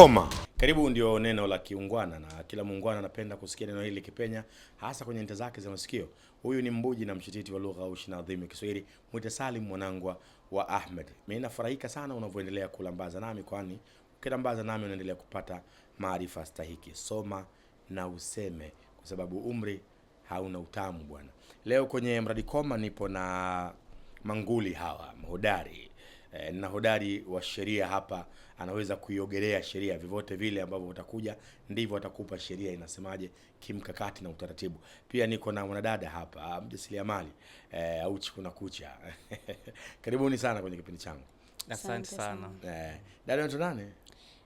Koma. Karibu ndio neno la kiungwana na kila muungwana anapenda kusikia neno hili likipenya hasa kwenye nta zake za masikio. Huyu ni mbuji na mshititi wa lugha au shina adhimu Kiswahili, mwite Salim Mwanangwa wa Ahmed. Mimi nafurahika sana unavyoendelea kulambaza nami, kwani ukilambaza nami unaendelea kupata maarifa stahiki. Soma na useme, kwa sababu umri hauna utamu bwana. Leo kwenye mradi Koma nipo na manguli hawa mahodari eh, na hodari wa sheria hapa anaweza kuiogelea sheria vyovyote vile ambavyo utakuja, ndivyo atakupa sheria inasemaje kimkakati na utaratibu. Pia niko na mwanadada hapa ah, mjasiriamali eh, auchi kuna kucha karibuni sana kwenye kipindi changu. Asante sana eh, dada naitwa nane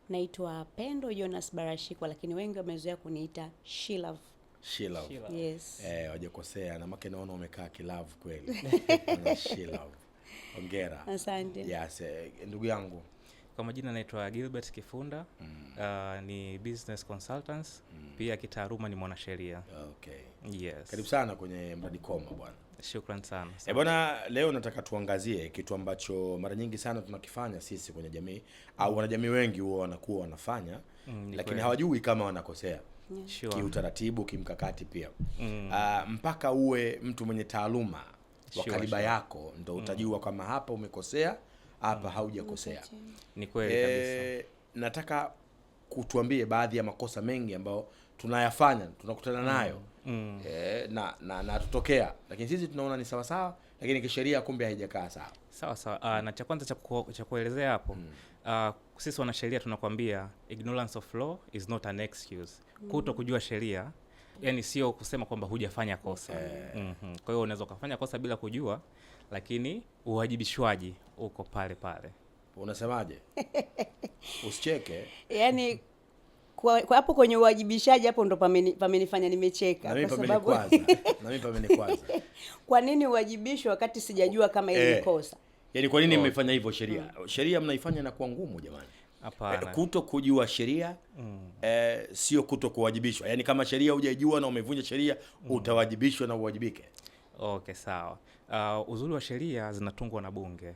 Naitwa Pendo Jonas Barashikwa, lakini wengi wamezoea kuniita Shilav. Shilav. Yes. Eh, wajakosea na naona umekaa kilavu kweli. Shilav ongera Asante. Yes, eh, ndugu yangu. Kwa majina naitwa Gilbert Kifunda. mm. Uh, ni business consultants. mm. Pia kitaaluma ni mwanasheria. Okay. Yes. Karibu sana kwenye mradi Koma bwana. Shukran sana. Eh, bwana, leo nataka tuangazie kitu ambacho mara nyingi sana tunakifanya sisi kwenye jamii au mm. wanajamii wengi huwa wanakuwa wanafanya mm, lakini hawajui kama wanakosea yeah. Sure. Kiutaratibu, kimkakati pia mm. Uh, mpaka uwe mtu mwenye taaluma wa kaliba yako ndo mm. utajua mm. kama hapa umekosea hapa mm. haujakosea. Ni kweli kabisa. E, nataka kutuambie baadhi ya makosa mengi ambayo tunayafanya tunakutana mm. nayo mm. E, na na natutokea, lakini sisi tunaona ni sawa sawa, lakini kisheria kumbe haijakaa sawa sawa sawa. Uh, na cha kwanza cha kuelezea hapo mm. uh, sisi wanasheria tunakwambia ignorance of law is not an excuse. Mm. Kuto kujua sheria yani sio kusema kwamba hujafanya kosa eh. mm -hmm. Kwa hiyo unaweza ukafanya kosa bila kujua, lakini uwajibishwaji uko pale pale. Unasemaje? Usicheke yani kwa hapo kwenye uwajibishaji hapo ndo pamenifanya nimecheka, kwa sababu na mimi pamenikwaza. Kwa nini uwajibishwe wakati sijajua kama hili eh, kosa? Yani kwa nini mmefanya hivyo? Sheria mm. sheria mnaifanya na kuwa ngumu jamani. Apana. Kuto kujua sheria mm. Eh, sio kuto kuwajibishwa, yaani kama sheria hujajua na umevunja sheria mm. utawajibishwa na uwajibike. Okay, sawa. Uh, uzuri wa sheria zinatungwa na bunge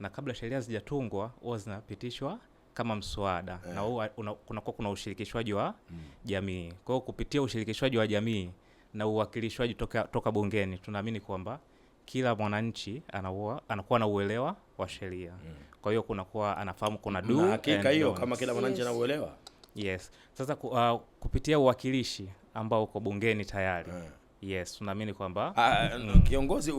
na kabla sheria zijatungwa huwa zinapitishwa kama mswada eh. na huwa kunakuwa kuna ushirikishwaji wa mm. jamii. Kwa hiyo kupitia ushirikishwaji wa jamii na uwakilishwaji toka, toka bungeni tunaamini kwamba kila mwananchi anakuwa, anakuwa na uelewa wa sheria mm. Kwa hiyo kunakuwa anafahamu kuna do na hakika hiyo kama kila mwananchi anauelewa yes. Sasa ku, uh, kupitia uwakilishi ambao uko bungeni tayari mm. Yes, tunaamini kwamba ah, ah, mm. Kiongozi,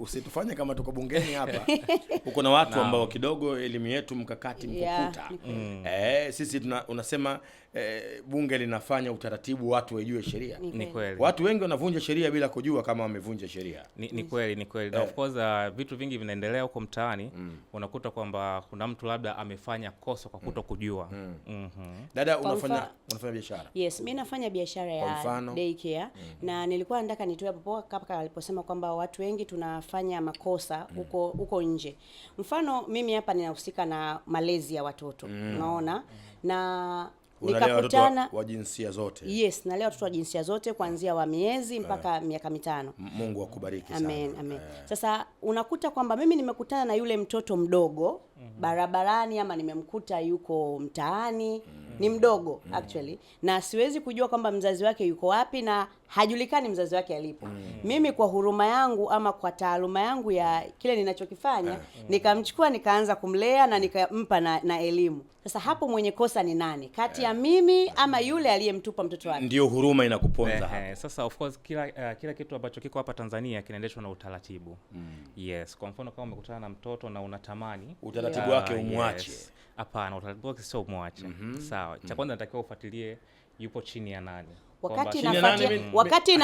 usitufanye usi kama tuko bungeni hapa uko na watu ambao kidogo elimu yetu mkakati mkukuta yeah. mm. Eh, sisi tuna, unasema e, bunge linafanya utaratibu watu wajue sheria. Ni kweli. Watu wengi wanavunja sheria bila kujua kama wamevunja sheria. Ni, ni kweli ni kweli. yeah. Of course uh, vitu vingi vinaendelea huko mtaani mm. Unakuta kwamba kuna mtu labda amefanya kosa kwa kuto kujua. Mm. Mm -hmm. Dada unafanya unafanya biashara? Yes, mimi nafanya biashara ya daycare mm -hmm. na nilikuwa nataka nitoe popo kapa aliposema kwamba watu wengi tunafanya makosa mm. huko mm. huko nje. Mfano mimi hapa ninahusika na malezi ya watoto. Mm. Unaona? Mm. Na nikakutana wa jinsia zote. Yes, nalea watoto wa jinsia zote kuanzia wa miezi eh. mpaka eh, miaka mitano. Mungu akubariki sana. Amen, amen. Eh. Sasa unakuta kwamba mimi nimekutana na yule mtoto mdogo mm -hmm. barabarani ama nimemkuta yuko mtaani mm -hmm ni mdogo mm. actually na siwezi kujua kwamba mzazi wake yuko wapi na hajulikani mzazi wake alipo. mm. Mimi kwa huruma yangu ama kwa taaluma yangu ya kile ninachokifanya mm. nikamchukua nikaanza kumlea na nikampa na, na elimu. Sasa hapo mwenye kosa ni nani kati ya mimi ama yule aliyemtupa mtoto wake? Ndio huruma inakuponza Sasa of course kila uh, kila kitu ambacho kiko hapa Tanzania kinaendeshwa na utaratibu mm. Yes, kwa mfano kama umekutana na mtoto na unatamani utaratibu ah, wake umwache, yes. Hapana, utaratibu sio muache. mm -hmm. Sawa, cha mhm. kwanza natakiwa ufuatilie yupo chini ya nani, wakati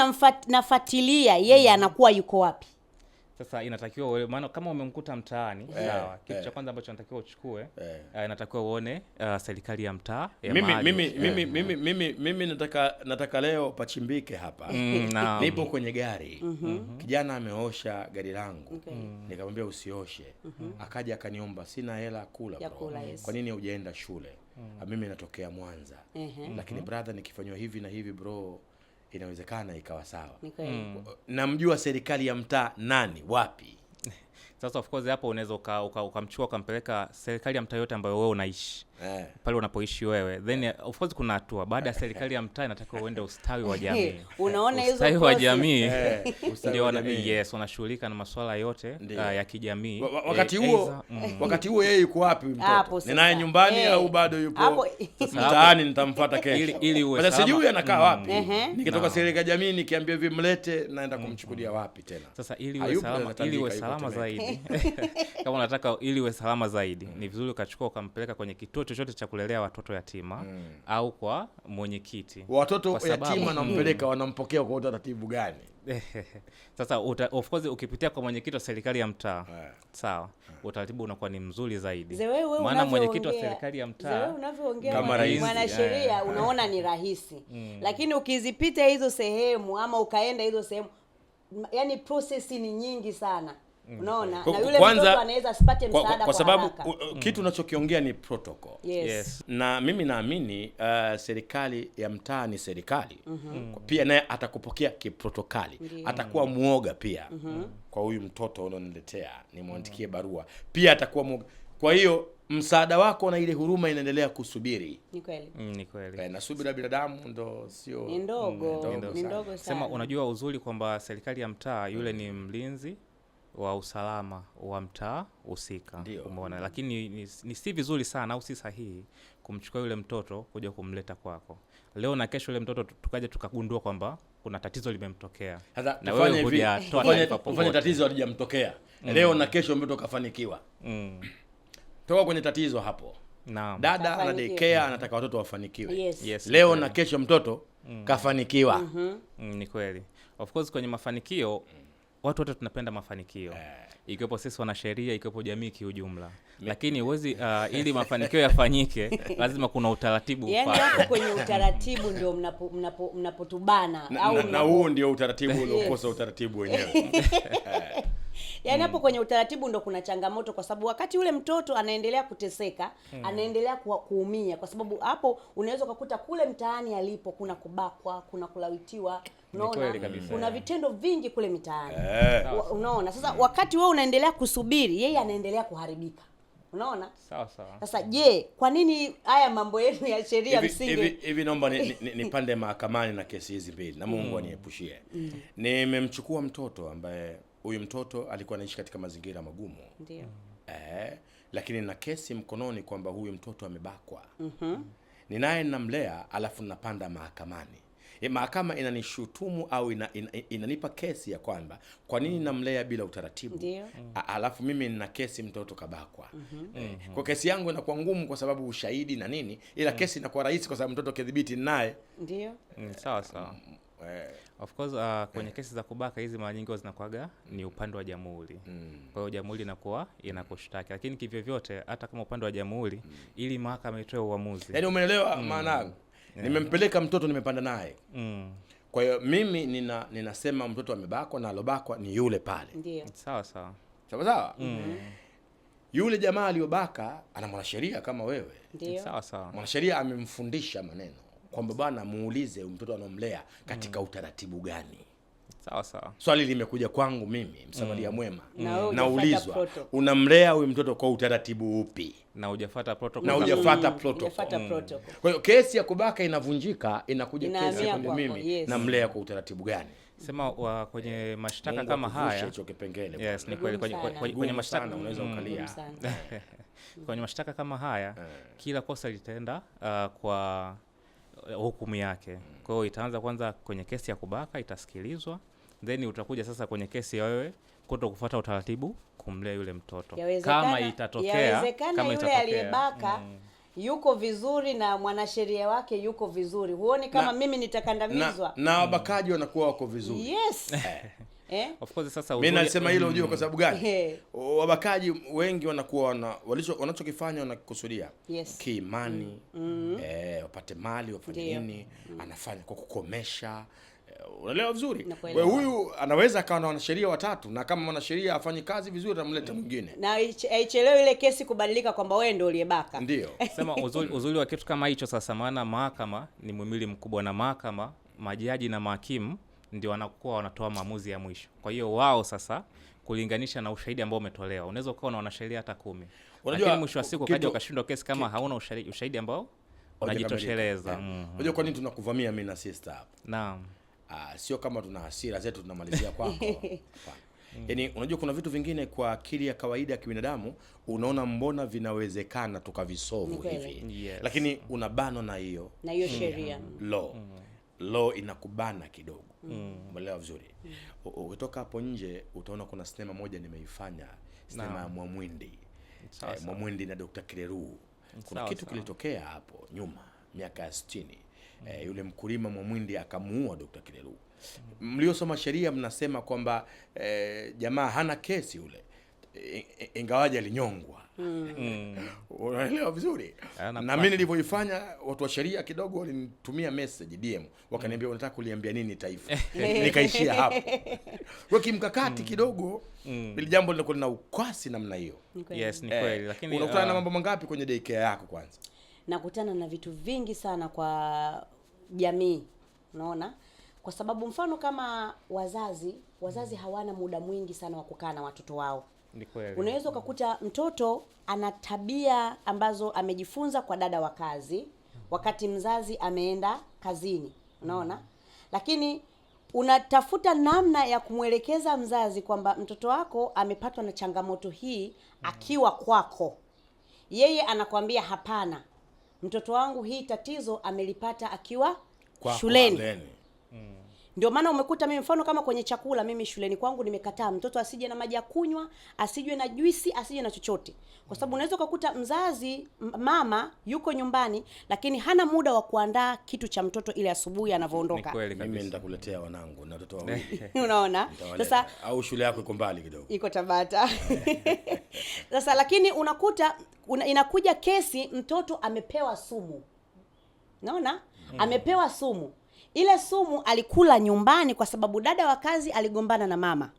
nafatilia yeye mm. anakuwa yuko wapi? Sasa inatakiwa wewe, maana kama umemkuta mtaani eh, sawa, kitu cha eh. kwanza ambacho natakiwa uchukue eh, uh, inatakiwa uone uh, serikali ya mtaa mimi, mimi, eh, mimi, mimi, mimi, mimi nataka nataka leo pachimbike hapa mm, no. nipo kwenye gari mm -hmm. kijana ameosha gari langu okay. mm. nikamwambia usioshe mm -hmm. akaja akaniomba, sina hela kula bro, kula, yes. kwa nini hujaenda shule? mm. Ah, mimi natokea Mwanza mm -hmm. lakini mhm. brother, nikifanywa hivi na hivi bro inawezekana ikawa sawa. mm. Namjua serikali ya mtaa nani wapi Sasa of course hapo unaweza ukamchukua uka ukampeleka serikali ya mtaa yote ambayo wewe unaishi eh, pale unapoishi wewe then yeah. Of course kuna hatua baada ya serikali ya mtaa inataka uende ustawi wa jamii unaona hizo ustawi wa jamii eh, ndio wana yes, wanashughulika na masuala yote uh, ya kijamii wakati eh, huo eh, mm. wakati huo yeye yuko wapi mtoto ni naye nyumbani hey, eh. au bado yupo mtaani? Nitamfuata kesho ili ili uwe sasa, sijui anakaa wapi mm. nikitoka serikali ya jamii nikiambia hivi mlete, naenda kumchukulia mm. wapi tena? Sasa ili uwe salama, ili uwe salama zaidi kama unataka ili uwe salama zaidi mm. Ni vizuri ukachukua ukampeleka kwenye kituo chochote cha kulelea watoto yatima mm. au kwa mwenyekiti. Watoto yatima wanampeleka mm. wanampokea kwa utaratibu gani? Sasa uta, of course ukipitia kwa mwenyekiti wa serikali ya mtaa yeah. Sawa yeah. Utaratibu unakuwa ni mzuri zaidi, maana mwenyekiti wa serikali ya mtaa unavyoongea mwanasheria yeah. Unaona ni rahisi mm. Lakini ukizipita hizo sehemu ama ukaenda hizo sehemu, yani prosesi ni nyingi sana. Mm. Unaona, na yule mtoto anaweza asipate msaada kwa, kwa sababu kwa mm. kitu unachokiongea ni protocol. Yes. Yes. Na mimi naamini uh, serikali ya mtaa ni serikali mm-hmm. mm -hmm. pia naye atakupokea kiprotokali -hmm. atakuwa muoga pia mm-hmm. mm -hmm. kwa huyu mtoto ulioniletea nimwandikie mm-hmm. barua pia atakuwa muoga, kwa hiyo msaada wako na ile huruma inaendelea kusubiri. Ni kweli. Mm, ni kweli. Eh, na subira binadamu ndo sio ni ndogo, mm, ni ndogo sana. Sema unajua uzuri kwamba serikali ya mtaa yule ni mlinzi wa usalama wa mtaa husika, umeona. Lakini ni, ni si vizuri sana au si sahihi kumchukua yule mtoto kuja kumleta kwako leo na kesho, yule mtoto tukaja tukagundua kwamba kuna tatizo limemtokea. Sasa tatizo alijamtokea mm. leo na kesho mtoto kafanikiwa mm. toka kwenye tatizo hapo. Naam. Dada ana daycare anataka watoto wafanikiwe. Yes. Yes, leo na kesho mtoto mm. kafanikiwa. mm -hmm. Mm, ni kweli of course kwenye mafanikio mm watu wote tunapenda mafanikio eh, ikiwepo sisi wanasheria, ikiwepo jamii kiujumla, lakini huwezi uh, ili mafanikio yafanyike lazima kuna utaratibu yani hapo kwenye utaratibu ndio mnapotubana mnapo, mnapo au na huo ndio utaratibu uliokosa utaratibu wenyewe eh yaani hapo mm. kwenye utaratibu ndo kuna changamoto, kwa sababu wakati ule mtoto anaendelea kuteseka mm. anaendelea kuumia, kwa sababu hapo unaweza ukakuta kule mtaani alipo kuna kubakwa, kuna kulawitiwa Unaona, kuna vitendo vingi kule mitaani eh. Unaona sasa, mm. wakati wewe unaendelea kusubiri, yeye anaendelea kuharibika. Unaona sasa, je, kwa nini haya mambo yenu ya sheria msingi hivi? Naomba nipande ni, ni mahakamani na kesi hizi mbili na Mungu mm. aniepushie. mm. Nimemchukua mtoto ambaye huyu mtoto alikuwa anaishi katika mazingira magumu ndio. Eh, lakini na kesi mkononi kwamba huyu mtoto amebakwa. mm -hmm. Ninaye namlea alafu napanda mahakamani. E, mahakama inanishutumu au ina, ina, inanipa kesi ya kwamba kwa nini namlea bila utaratibu. Ndiyo. Alafu mimi nina kesi mtoto kabakwa. mm -hmm. E, kwa kesi yangu inakuwa ngumu kwa sababu ushahidi na nini, ila mm. kesi inakuwa rahisi kwa sababu mtoto kidhibiti naye. Ndio. Mm, sawa sawa yeah. Of course uh, kwenye eh. kesi za kubaka hizi mara nyingi zinakuwaga ni upande wa jamhuri mm. Kwa hiyo jamhuri inakuwa inakushtaki, lakini kivyovyote, hata kama upande wa jamhuri mm. ili mahakama itoe uamuzi, yaani umeelewa mm. maana yangu yeah. nimempeleka mtoto nimepanda naye mm. Kwa hiyo mimi nina, ninasema mtoto amebakwa na alobakwa ni yule pale, ndio sawa sawa sawa sawa mm. Mhm. Yule jamaa aliyobaka ana mwanasheria kama wewe, ndio sawa sawa, mwanasheria amemfundisha maneno kwamba bwana, muulize mtoto anomlea katika mm. utaratibu gani? Sawa sawa. Swali limekuja kwangu mimi msamaria mm. mwema mm. naulizwa, unamlea huyu mtoto kwa utaratibu upi? na hujafuata protocol, na hujafuata mm, mm. protocol. Kwa hiyo kesi ya kubaka inavunjika, inakuja kesi ya mimi yes. namlea kwa utaratibu gani? Sema uh, wa mm. kwenye mashtaka kama haya hicho eh. kipengele. Yes, ni kweli kwenye, kwenye, kwenye mashtaka unaweza ukalia kwenye mashtaka kama haya kila kosa litaenda uh, kwa Eh, hukumu yake. Mm. Kwa hiyo itaanza kwanza kwenye kesi ya kubaka, itasikilizwa then utakuja sasa kwenye kesi ya wewe kuto kufuata utaratibu kumlea yule mtoto kama itatokea kama yule aliyebaka mm, yuko vizuri na mwanasheria wake yuko vizuri, huoni kama na, mimi nitakandamizwa na wabakaji mm, wanakuwa wako vizuri yes. Eh eh? Of course sasa mimi nalisema hilo unajua mm. Kwa sababu gani eh. wabakaji wengi wanakuwa wana wanachokifanya wanakikusudia yes. Kiimani mm. mm. eh, wapate mali wafanye nini mm. Anafanya kwa kukomesha eh, unaelewa vizuri. huyu anaweza akawa na wanasheria watatu, na kama mwanasheria afanye kazi vizuri, atamleta mwingine na aichelewe ile kesi kubadilika kwamba wewe ndio uliyebaka. Ndio sema uzuri, uzuri wa kitu kama hicho. Sasa maana mahakama ni mwimili mkubwa, na mahakama majaji na mahakimu ndio wanakuwa wanatoa maamuzi ya mwisho. Kwa hiyo wao sasa kulinganisha na ushahidi ambao umetolewa, unaweza ukawa na wanasheria hata kumi, lakini mwisho wa siku kaja ukashindwa kesi kama kitu, hauna ushahidi, ushahidi ambao unajitosheleza. Eh. Mm. Unajua mm -hmm. kwa nini tunakuvamia mimi na sister hapa? Naam. Ah, sio kama tuna hasira zetu tunamalizia kwako. Mm. Yaani unajua kuna vitu vingine kwa akili ya kawaida ya kibinadamu unaona mbona vinawezekana tukavisovu okay. hivi. Yes. Lakini unabanwa na hiyo. Na hiyo mm. sheria. Mm. Law. Mm. Law inakubana kidogo. Mm. Mm. umeelewa vizuri. Ukitoka hapo nje utaona kuna sinema moja nimeifanya, sinema ya Mwamwindi eh, Mwamwindi na Dr. Kireru. Kuna kitu kilitokea hapo nyuma miaka ya sitini. Mm. Eh, yule mkulima Mwamwindi akamuua Dr. Kireru. Mliosoma sheria mnasema kwamba eh, jamaa hana kesi yule ingawaje alinyongwa. Mm. mm. Unaelewa vizuri. Na mimi nilivyoifanya watu wa sheria kidogo walinitumia message DM, wakaniambia unataka kuliambia nini taifa? Nikaishia hapo. Kwa kimkakati mm. kidogo mm. ili jambo linakuwa lina ukwasi namna hiyo. Yes, ni kweli. Eh, lakini unakutana uh, na mambo mangapi kwenye daycare yako kwanza? Nakutana na vitu vingi sana kwa jamii. Unaona? Kwa sababu mfano kama wazazi, wazazi hawana muda mwingi sana wa kukaa na watoto wao. Unaweza ukakuta mtoto ana tabia ambazo amejifunza kwa dada wa kazi wakati mzazi ameenda kazini, unaona, lakini unatafuta namna ya kumwelekeza mzazi kwamba mtoto wako amepatwa na changamoto hii akiwa kwako, yeye anakwambia hapana, mtoto wangu hii tatizo amelipata akiwa kwa shuleni. Kwa ndio maana umekuta mimi mfano kama kwenye chakula, mimi shuleni kwangu nimekataa mtoto asije na maji ya kunywa, asije na juisi, asije na chochote, kwa sababu unaweza ukakuta mzazi mama yuko nyumbani, lakini hana muda wa kuandaa kitu cha mtoto ile asubuhi anavyoondoka. Mimi nitakuletea wanangu na watoto wawili unaona sasa, au shule yako iko mbali kidogo, iko Tabata sasa lakini unakuta una, inakuja kesi mtoto amepewa sumu, naona mm. amepewa sumu ile sumu alikula nyumbani kwa sababu dada wa kazi aligombana na mama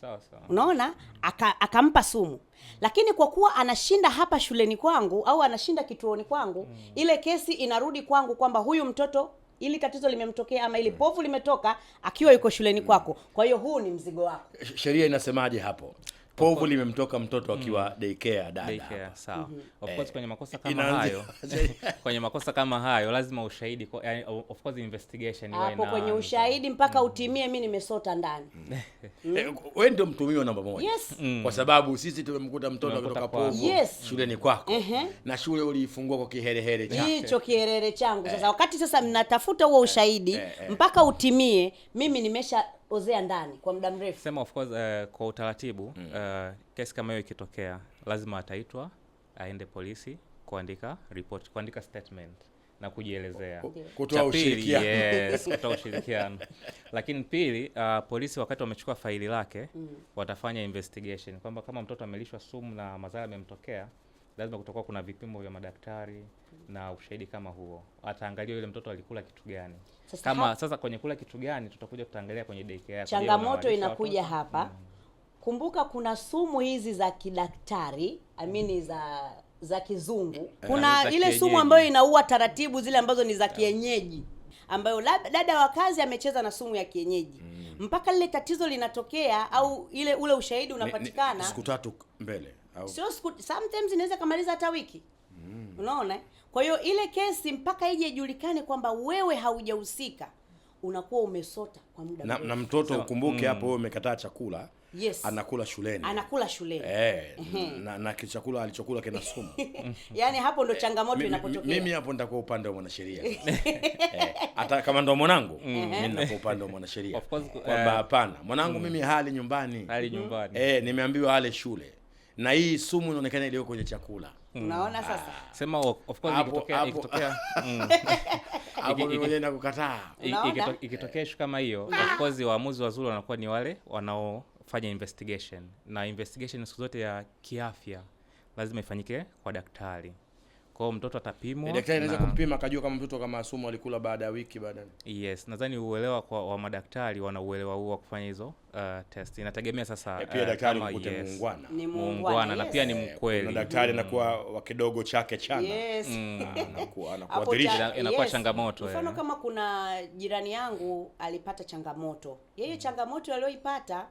unaona akampa Unaona, aka, akampa sumu, lakini kwa kuwa anashinda hapa shuleni kwangu au anashinda kituoni kwangu mm. ile kesi inarudi kwangu kwamba huyu mtoto ili tatizo limemtokea ama ili hmm. povu limetoka akiwa yuko shuleni kwako. Kwa hiyo huu ni mzigo wako. Sheria inasemaje hapo? povu limemtoka mtoto akiwa mm. daycare dada. Daycare, sawa. Mm -hmm. Of eh, course kwenye makosa kama hayo kwenye makosa kama hayo lazima ushahidi of course investigation iwe hapo kwenye ushahidi mpaka mm. utimie. Mimi nimesota ndani mm. Eh, wewe mm. ndio mtumiwa namba moja yes. mm. kwa sababu sisi tumemkuta mtoto kutoka povu yes. shuleni kwako uh -huh. na shule uliifungua kwa kiherehere chako hicho kiherehere changu eh. Sasa wakati sasa mnatafuta huo ushahidi eh. Eh. mpaka utimie, mimi nimesha ozea ndani kwa muda mrefu. Sema of course uh, kwa utaratibu mm. uh, kesi kama hiyo ikitokea lazima ataitwa aende polisi kuandika report, kuandika statement na kujielezea, kutoa ushirikiano yes, kutoa ushirikiano lakini pili, uh, polisi wakati wamechukua faili lake mm. watafanya investigation kwamba kama mtoto amelishwa sumu na madhara yamemtokea lazima kutakuwa kuna vipimo vya madaktari na ushahidi kama huo, ataangalia yule mtoto alikula kitu gani sasa, kama ha sasa kwenye kula kitu gani tutakuja tutaangalia kwenye daycare. Changamoto inakuja hapa mm. Kumbuka kuna sumu hizi za kidaktari amini mm. za za kizungu eh, kuna za ile Sumu ambayo inaua taratibu zile ambazo ni za kienyeji ambayo lab, dada wa kazi amecheza na sumu ya kienyeji mm. mpaka lile tatizo linatokea au ile ule ushahidi unapatikana siku tatu mbele sio siku, sometimes inaweza kamaliza hata wiki mm. Unaona, kwa hiyo ile kesi mpaka ije ijulikane kwamba wewe haujahusika unakuwa umesota kwa muda na, na mtoto ukumbuke mm. hapo, mm. wewe umekataa chakula Yes. Anakula shuleni, anakula shuleni eh, na, na kichakula alichokula kina sumu yaani, hapo ndo eh, changamoto inapotokea. Mimi hapo nitakuwa upande wa mwanasheria eh, hata kama ndo mwanangu mm. mimi ninakuwa upande wa mwanasheria kwamba eh, hapana, mwanangu mm. mimi hali nyumbani, hali nyumbani eh, nimeambiwa hale shule na hii sumu inaonekana iliyo kwenye chakula. Mm. Unaona sasa, ah. sema of course, ikitokea ikitokea hapo mm. mwenyewe na kukataa, ikitokea issue kama hiyo, of ah. course waamuzi wazuri wanakuwa ni wale wanaofanya investigation, na investigation siku zote ya kiafya lazima ifanyike kwa daktari kwao mtoto atapimwa. Eh, daktari anaweza kumpima akajua kama mtoto kama sumu alikula baada ya wiki baada. Yes, nadhani uelewa kwa wa madaktari wana uelewa huo wa kufanya hizo uh, test. Inategemea sasa. Eh, pia eh, daktari mkute muungwana. Ni yes. na pia ni mkweli. Na daktari anakuwa wa kidogo chake chana. Yes. Mm, anakuwa inakuwa changamoto. Mfano kama kuna jirani yangu alipata changamoto. Yeye mm. changamoto aliyoipata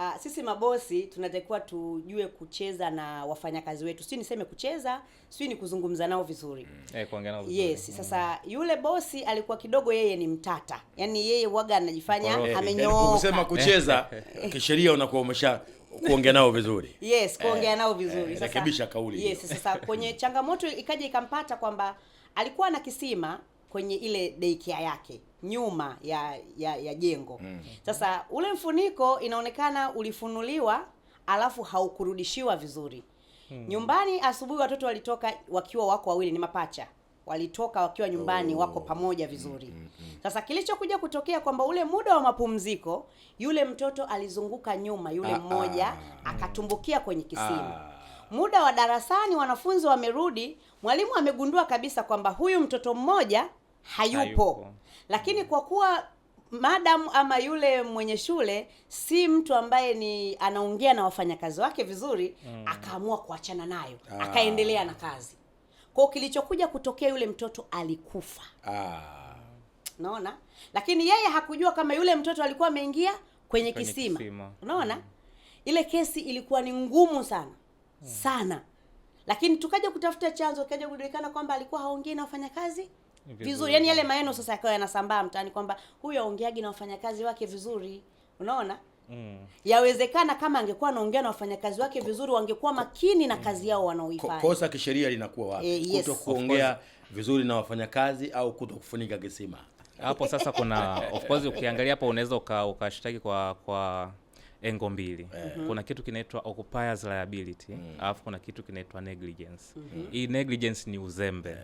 uh, sisi mabosi tunatakiwa tujue kucheza na wafanyakazi wetu, si niseme kucheza, si ni kuzungumza nao vizuri mm. Eh, kuongea nao vizuri yes. Sasa mm. yule bosi alikuwa kidogo, yeye ni mtata, yaani yeye waga anajifanya hey, amenyooka. Yaani Kusema kucheza kisheria unakuwa umesha kuongea nao vizuri yes, kuongea eh. nao vizuri eh, rekebisha kauli yes. Sasa kwenye changamoto ikaja ikampata kwamba alikuwa na kisima kwenye ile daycare yake nyuma ya ya, ya jengo mm. Sasa ule mfuniko inaonekana ulifunuliwa alafu haukurudishiwa vizuri mm. Nyumbani asubuhi watoto walitoka wakiwa wako wawili, ni mapacha walitoka wakiwa nyumbani oh. Wako pamoja mm, vizuri mm -hmm. Sasa kilichokuja kutokea kwamba ule muda wa mapumziko yule mtoto alizunguka nyuma yule ah, ah. mmoja ah, akatumbukia kwenye kisima ah. Muda wa darasani wanafunzi wamerudi, mwalimu amegundua kabisa kwamba huyu mtoto mmoja hayupo, hayupo. Lakini kwa kuwa madamu ama yule mwenye shule si mtu ambaye ni anaongea na wafanyakazi wake vizuri mm. Akaamua kuachana nayo ah. Akaendelea na kazi kwao, kilichokuja kutokea yule mtoto alikufa ah. naona lakini yeye hakujua kama yule mtoto alikuwa ameingia kwenye, kwenye kisima, kisima. Unaona mm. Ile kesi ilikuwa ni ngumu sana mm. sana, lakini tukaja kutafuta chanzo, kaja kujulikana kwamba alikuwa haongei na wafanyakazi vizuri, Yani yale maneno sasa yakawa yanasambaa mtaani kwamba huyo aongeagi na wafanyakazi wake vizuri, unaona mm. Yawezekana kama angekuwa anaongea na wafanyakazi wake vizuri, wangekuwa makini na mm. kazi yao wanaoifanya. Kosa kisheria linakuwa wapi? E, yes. Kuto kuongea vizuri na wafanyakazi au kuto kufunika kisima hapo sasa kuna of course, ukiangalia hapo unaweza ukashtaki kwa kwa engo mbili yeah. mm-hmm. Kuna kitu kinaitwa occupiers liability mm. alafu mm. Kuna kitu kinaitwa negligence mm -hmm. Hii negligence ni uzembe eh.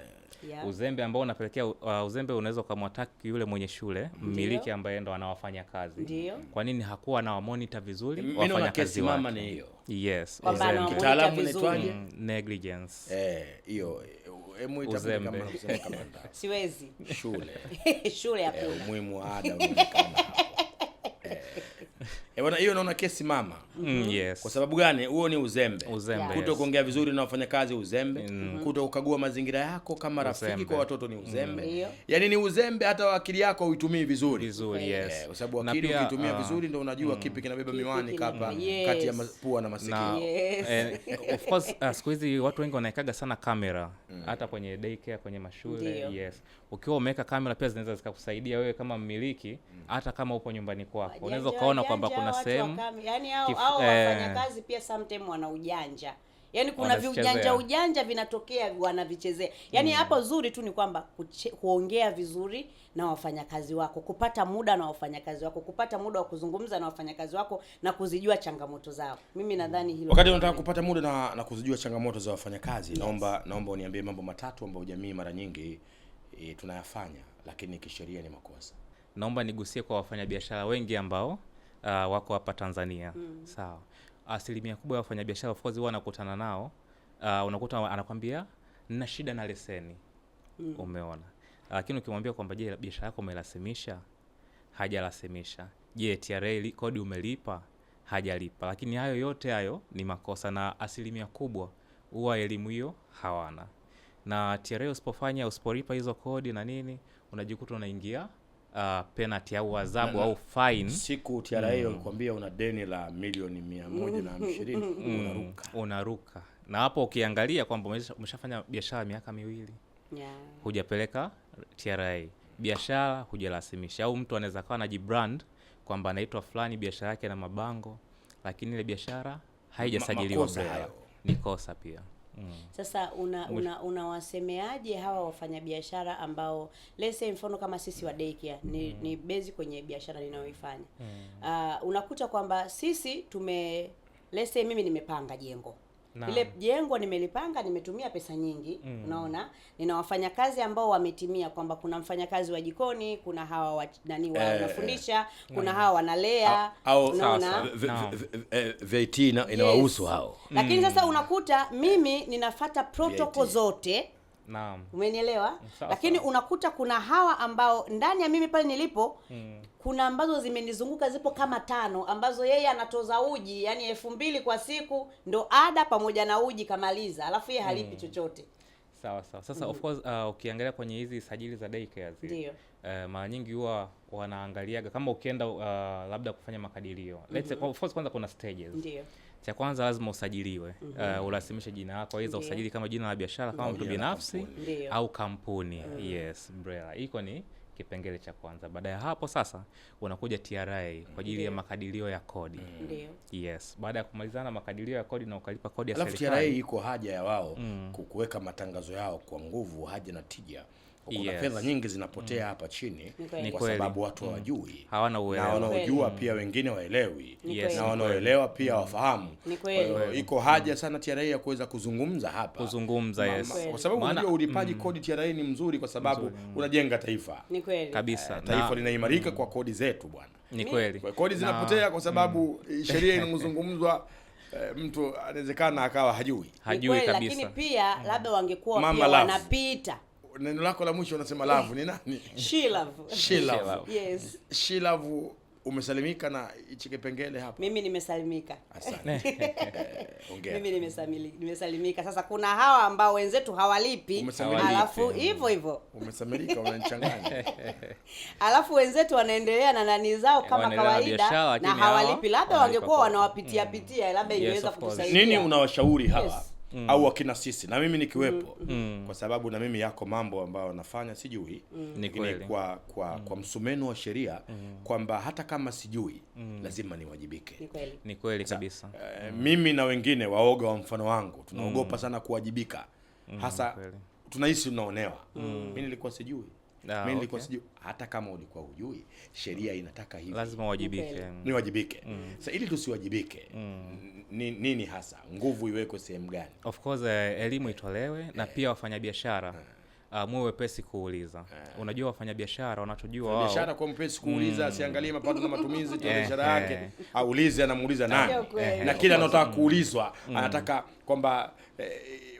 yeah. Uzembe ambao unapelekea uh, uzembe unaweza ukamwataki yule mwenye shule mhm. mmiliki ambaye ndo anawafanya kazi. Kwa nini hakuwa anawamonita vizuri wafanya kazi wake? Ni hiyo. Yes, kitaalamu inaitwaje? Mm, negligence. Eh, hiyo itabidi kama unasema uzembe. Siwezi. Shule. Shule eh, hapo. Umuhimu wa ada unaonekana. Eh, bwana, hiyo naona kesi mama. Mm, yes. Kwa sababu gani? Huo ni uzembe, uzembe kuto yes. kuongea vizuri na wafanyakazi uzembe mm. Mhm. kuto kukagua mazingira yako kama uzembe. Rafiki kwa watoto ni uzembe mm. yaani ni uzembe, hata akili yako uitumii vizuri vizuri, yes. yeah, kwa sababu akili ukitumia uh, ah, vizuri ndio unajua mm. kipi kinabeba miwani kapa yes. kati ya pua na masikio yes. eh, of course uh, siku hizi watu wengi wanaekaga sana kamera mm. hata kwenye daycare, kwenye mashule Dio. yes ukiwa umeweka kamera pia zinaweza zikakusaidia wewe kama mmiliki, mm. hata kama upo nyumbani kwako unaweza ukaona kwamba na sehemu yani, au wafanyakazi pia sometimes wana ujanja yani, kuna viujanja ujanja vinatokea wanavichezea yani mm. Hapo zuri tu ni kwamba kuongea vizuri na wafanyakazi wako, kupata muda na wafanyakazi wako, kupata muda wa kuzungumza na wafanyakazi wako na kuzijua changamoto zao. Mimi nadhani hilo wakati unataka kupata muda na, na kuzijua changamoto za wafanyakazi yes. Naomba naomba uniambie mambo matatu ambayo jamii mara nyingi e, tunayafanya lakini kisheria ni makosa. Naomba nigusie kwa wafanyabiashara wengi ambao uh, wako hapa Tanzania mm. Sawa, asilimia kubwa ya wafanyabiashara of course huwa wanakutana nao uh, unakuta anakwambia nina shida na leseni mm. Umeona, lakini uh, ukimwambia kwamba je, biashara yako umelasimisha hajalasimisha Je, TRA kodi umelipa? Hajalipa. Lakini hayo yote hayo ni makosa, na asilimia kubwa huwa elimu hiyo hawana, na TRA usipofanya, usipolipa hizo kodi na nini, unajikuta unaingia uh, penalty au adhabu mm-hmm. au fine. Siku TRA mm. ilikwambia una deni la milioni mia moja na mm. unaruka, unaruka na hapo ukiangalia kwamba umeshafanya biashara miaka miwili yeah. hujapeleka TRA biashara hujarasimisha, au mtu anaweza kawa jibrand kwamba anaitwa fulani biashara yake na mabango, lakini ile biashara haijasajiliwa. Ni kosa pia. Mm. Sasa unawasemeaje una, una hawa wafanyabiashara ambao lese mfano kama sisi wa daycare ni, mm. ni bezi kwenye biashara ninayoifanya mm. uh, unakuta kwamba sisi tume lese mimi nimepanga jengo ile jengo nimelipanga, nimetumia pesa nyingi mm. Unaona, nina wafanyakazi ambao wametimia, kwamba kuna mfanyakazi wa jikoni, kuna hawa wa nani wa eh, wanafundisha eh, kuna hawa wanalea au eh, inawahusu hao, mm. lakini sasa unakuta mimi ninafata protocol zote Naam. Umenielewa? Lakini unakuta kuna hawa ambao ndani ya mimi pale nilipo mm. kuna ambazo zimenizunguka zipo kama tano ambazo yeye anatoza uji yani elfu mbili kwa siku ndo ada pamoja na uji kamaliza, alafu yeye halipi mm. chochote. Sawa sawa. Sasa mm -hmm. of course uh, ukiangalia kwenye hizi sajili za zile. ndio uh, mara nyingi huwa wanaangaliaga kama ukienda uh, labda kufanya makadirio. Let's mm -hmm. say, mm-hmm. of course kwanza kuna stages. Ndio cha kwanza lazima usajiliwe, mm -hmm. uh, urasimishe jina lako, aweza usajili kama jina la biashara kama mtu binafsi au kampuni mm -hmm. Yes, BRELA hiko ni kipengele cha kwanza. Baada ya hapo sasa unakuja TRA kwa ajili ya makadirio ya kodi. Mhm. Ndiyo. Yes, baada ya kumalizana makadirio ya kodi na ukalipa kodi ya serikali. TRA iko haja ya wao mm. kuweka matangazo yao kwa nguvu, haja na tija kuna yes. fedha nyingi zinapotea mm. hapa chini ni kwa sababu watu mm. hawajui mm. hawana uelewa, na wanaojua pia wengine waelewi yes. na wanaoelewa pia mm. wafahamu. Kwa hiyo mm. iko haja sana TRA ya kuweza kuzungumza hapa, kuzungumza yes. kwa sababu unajua ulipaji mm. kodi TRA ni mzuri kwa sababu unajenga taifa kabisa, eh, taifa linaimarika kwa kodi zetu bwana. Ni kweli kodi zinapotea kwa sababu mm. Eh, sheria inazungumzwa eh, mtu anawezekana akawa hajui hajui kabisa, lakini pia labda wangekuwa wanapita neno lako la mwisho unasema love ni nani? She love. She love. Yes. She love umesalimika na hichi kipengele hapa. Mimi nimesalimika. Asante. Eh. Ongea. Mimi nimesalimika. Nimesalimika. Sasa kuna hawa ambao wenzetu hawalipi, alafu hivyo hivyo. Umesalimika, unanichanganya. Alafu wenzetu wanaendelea na nani zao kama kawaida na hawalipi, labda wangekuwa wanawapitia pitia, labda ingeweza kutusaidia. Nini unawashauri hawa? Yes mm. au wakina sisi na mimi nikiwepo mm. mm. kwa sababu na mimi yako mambo ambayo nafanya sijui mm. kwa kwa mm. kwa msumeno wa sheria mm. kwamba hata kama sijui mm. lazima niwajibike. Ni kweli eh, kabisa. Uh, mimi na wengine waoga wa mfano wangu tunaogopa mm. sana kuwajibika mm. hasa tunahisi unaonewa. mm. Mimi nilikuwa sijui Ah, mimi nilikuwa okay. Sijui hata kama ulikuwa hujui sheria inataka hivi, lazima wajibike, ni wajibike mm. Sasa ili tusiwajibike mm. nini hasa nguvu iwekwe sehemu gani? Of course uh, elimu itolewe eh. na pia wafanyabiashara eh. Uh, muwe wepesi kuuliza yeah. Unajua wafanyabiashara wanachojua wao, biashara kwa mpesi kuuliza mm. Asiangalie mapato na matumizi tu eh, biashara yake, eh. aulize anamuuliza nani na kila anataka kuulizwa, mm. anataka kwamba eh,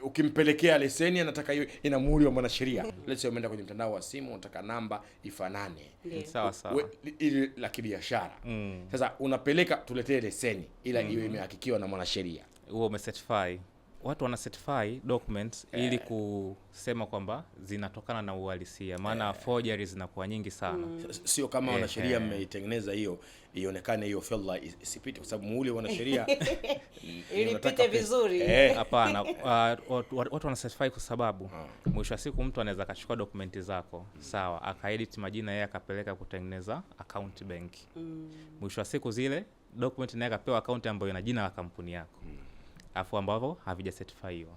ukimpelekea leseni anataka hiyo ina muhuri wa mwanasheria. Let's say umeenda kwenye mtandao wa simu unataka namba ifanane, sawa sawa, ili la kibiashara. Mm. Sasa unapeleka tuletee leseni, ila mm. iwe imehakikiwa na mwanasheria, huo umecertify watu wana certify documents yeah, ili kusema kwamba zinatokana na uhalisia, maana yeah, forgery zinakuwa nyingi sana mm. Sio kama wanasheria yeah, mmeitengeneza hiyo ionekane hiyo fella isipite, kwa sababu muule wanasheria ili pite vizuri. Eh. Hapana, uh, watu wana certify kwa sababu ah. mwisho wa siku mtu anaweza akachukua dokumenti zako mm. Sawa, akaedit majina yeye akapeleka kutengeneza account bank mm. Mwisho wa siku zile document naye akapewa account ambayo ina jina la kampuni yako mm afu ambavyo havijasetifaiwa.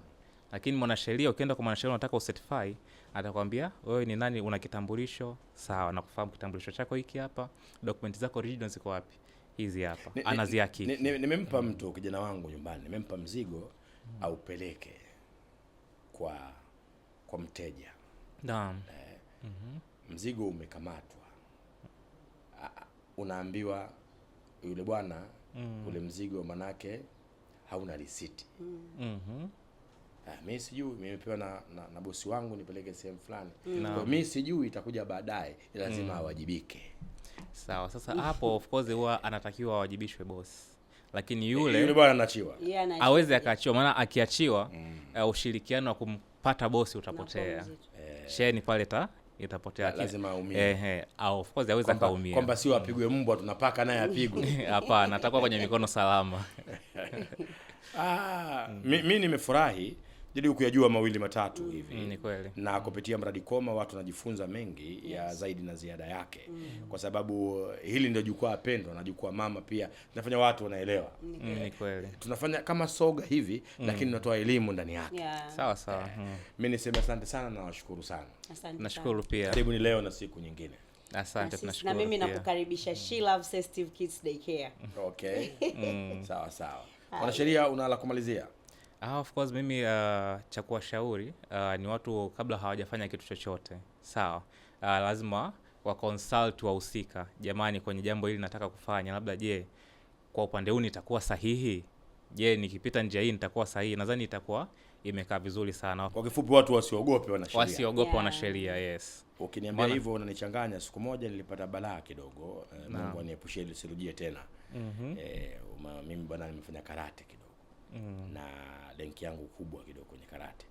Lakini mwanasheria, ukienda kwa mwanasheria unataka usetify, atakwambia wewe ni nani, una kitambulisho sawa, na kufahamu kitambulisho chako hiki hapa, dokumenti zako original ziko wapi? Hizi hapa, anaziaki. Nimempa mtu kijana wangu nyumbani, nimempa mzigo aupeleke kwa kwa mteja. Naam. Eh, mm -hmm. Mzigo umekamatwa, unaambiwa yule bwana mm. Ule mzigo manake hauna risiti. mm -hmm. Ah, Mi sijui nimepewa na, na, na bosi wangu nipeleke sehemu fulani mm. no. Mi sijui itakuja baadaye, lazima mm. awajibike mm. Sawa, sasa hapo of course huwa anatakiwa awajibishwe bosi, lakini eh, yule yule bwana anaachiwa yeah, aweze akaachiwa, maana akiachiwa mm. uh, ushirikiano wa kumpata bosi utapotea eh. Sheni pale ta itapotea eh, lazima aumie. eh, eh, au of course aweza kaumia, kwamba sio apigwe mbwa tunapaka naye apigwe. Hapana, atakuwa kwenye mikono salama Ah, mm. mi, nimefurahi jaribu kuyajua mawili matatu mm. hivi mm, kweli. na mm. kupitia mradi Koma watu wanajifunza mengi yes. ya zaidi na ziada yake mm. kwa sababu eh, hili ndio jukwaa pendwa na jukwaa mama pia tunafanya watu wanaelewa mm. mm ni kweli. tunafanya kama soga hivi mm. lakini tunatoa elimu ndani yake yeah. sawa sawa eh. mm. mi niseme asante sana na washukuru sana nashukuru pia karibu ni leo na siku nyingine Asante, tunashukuru. Na mimi nakukaribisha mm. She Loves Festive Kids Daycare. Okay. mm. Sawa sawa. Mwanasheria, una la kumalizia? Ah, of course mimi uh, cha kuwashauri uh, ni watu kabla hawajafanya kitu chochote sawa. Uh, lazima wa consult wahusika, jamani, kwenye jambo hili nataka kufanya labda, je, kwa upande huu nitakuwa sahihi? Je, nikipita njia hii nitakuwa sahihi? Nadhani itakuwa imekaa vizuri sana. Kwa kifupi, watu wasiogope wanasheria, wasiogope yeah, wanasheria. Yes, ukiniambia hivyo unanichanganya. Siku moja nilipata balaa kidogo, eh, Mungu aniepushie lisilujie tena mm -hmm. E, mimi bwana nimefanya karate kidogo mm -hmm. na lenki yangu kubwa kidogo kwenye karate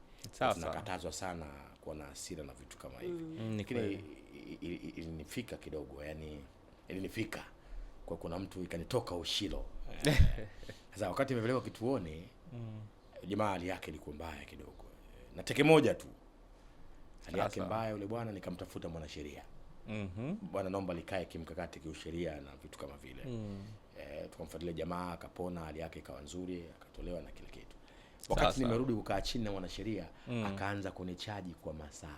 tunakatazwa sana kuwa na hasira na vitu kama hivi mm. mm Lakini ilinifika kidogo, yani ilinifika kwa kuna mtu ikanitoka ushilo sasa. Eh, wakati imepelekwa kituoni mm. hmm Jamaa hali yake ilikuwa mbaya kidogo na teke moja tu, hali yake mbaya yule bwana. Nikamtafuta mwanasheria mm -hmm. Bwana, naomba likae kimkakati kiusheria na vitu kama vile mm tukamfuatilia eh, jamaa akapona, hali yake ikawa nzuri, akatolewa na kila kitu. Wakati nimerudi kukaa chini na mwanasheria mm. akaanza kunichaji kwa masaa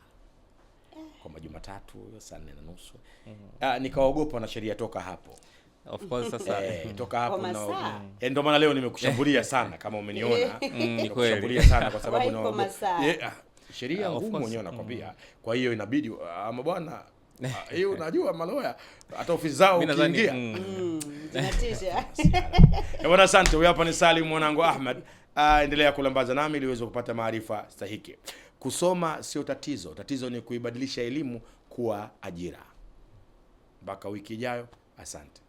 kwa majuma Jumatatu saa nne na nusu mm -hmm. Ah, Nikawaogopa wanasheria toka hapo of course sasa e, toka hapo na no, e, ndio maana leo nimekushambulia sana kama umeniona mm, nimekushambulia sana kwa sababu na yeah, eh, sheria ah, ngumu mwenyewe nakwambia. Mm. Kwa hiyo inabidi ah, ama bwana hiyo, unajua maloya hata ofisi zao ukiingia mm tunatisha. Eh, bwana asante. Huyu hapa ni Salim mwanangu Ahmad. Uh, ah, endelea kulambaza nami ili uweze kupata maarifa stahiki. Kusoma sio tatizo, tatizo ni kuibadilisha elimu kuwa ajira. Mpaka wiki ijayo, asante.